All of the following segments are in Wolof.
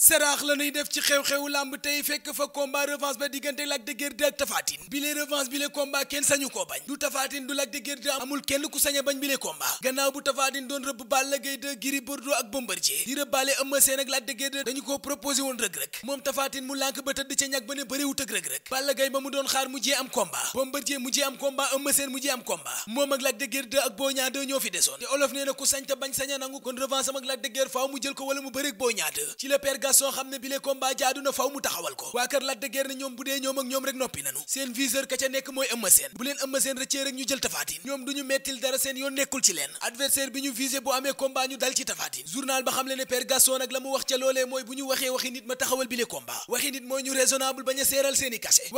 seraax la ñuy def ci xew-xewu làmb tey fekk fa combat revanche ba diggante Lac de Guiers 2 ak Tapha Tine bile revanche bile combat kenn sañu koo bañ du Tapha Tine du Lac de Guiers kenn ku sañ a bañ bile combat gannaaw bu Tapha Tine doon rëbb Balla Gaye 2 Gris Bordeaux ak Bombardier di mu lànk ba tëdd ca ñag ba ne bëriwut ak rëg-rëg Balla Gaye ba mu doon xaar ñoo fi desoon te olof nee na ku sañ te bañ sañ a nangu kon revanche am ak Lac de mu jël ko wala mu bëreeg Boña 2 gaston xam ne bile combat jaadu na faw mu taxawal ko waa kër Lac de Guiers ñoom bu dee ñoom ak ñoom rek noppi nanu seen viseur ka ca nekk mooy Eumeu Sène bu leen Eumeu Sène rëccee rek ñu jël tafaatin ñoom duñu mettil dara seen yoon nekkul ci leen adversaire bi ñu visé bu amee combat ñu dal ci tafaatin journal ba xam le ne père gaston nag la mu wax ca loolee mooy bu ñu waxee waxi nit ma taxawal bile combat waxi nit mooy ñu raisonnable bañ a seeral seeni cachet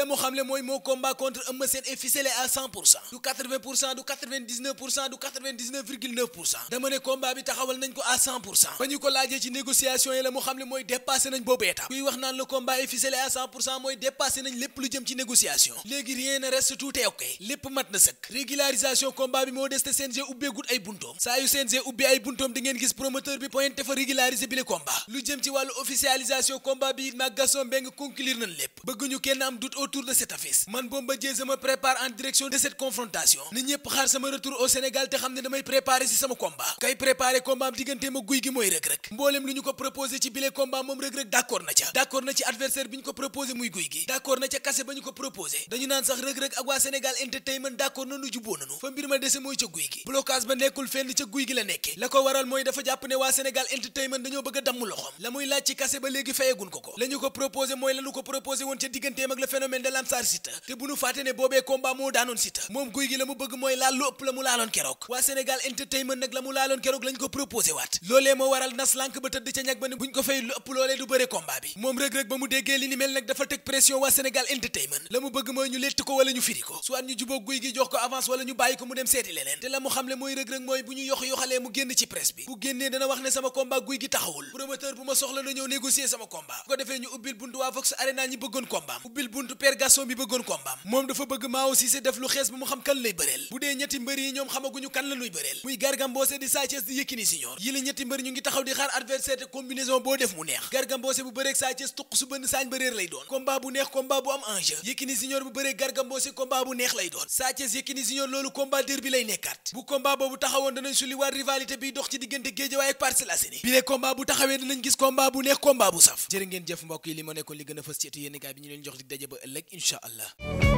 la dama ne combat bi taxawal nañ ko ba ñu ko laajee ci négociation yi mu xamle mooy dépassé nañ boobu étape kuy wax naan le combat est ficelé mooy dépassé nañ lépp lu jëm ci négociation léegi rien ne reste tout lépp mat na sëkk régularisation combat bi moo des te CNG ubbeegut ay buntoom saa yu CNG ubbi ay buntoom di ngeen gis promoteur bi pointé fa régulariser bi lu jëm ci wàllu officialisation combat bi it mag Gaston autour man Bombardier je me prépare en direction de cette confrontation ni ñëpp xaar sama retour au Sénégal te xam ne damay préparer ci sama combat kay préparer combat am diggante guy gi mooy Reug Reug mboolem lu ñu ko proposé ci bile combat moom Reug Reug d'accord na ca d'accord na ci adversaire bi ñu ko proposé muy guy gi d'accord na ca kase ba ñu ko proposé dañu naan sax Reug Reug ak waa Sénégal entertainment d'accord nañu juboo nañu fa mbir ma dese mooy leen da la mu bëgg mooy ñu létt ko wala ñu firi ko soit ñu jubóo guy gi jox ko avance wala ñu bàyyi ko mu dem seeti leneen te la mu xamle mooy rëg-rëg mooy bu ñu yox yoxalee mu génn ci presse bi bu génnee dana wax ne sama combat guy gi taxawul promoteur bu ma soxla na ñëw négocier sama combat bu ko defee ñu ubbil buntu waa Vox Arena ñi bëggoon combat ubbil buntu père bu dee ñetti tuq su bënn saañ bëreer lay doon combat bu neex lay doon bu combat bu taxawee danañ gis combat bu neex combat bu saf jërë ngeen jëf mbokk yi li ma nekkoon li gën a fës ci bi ñu leen jox di daje ba ëllëg rek incha allah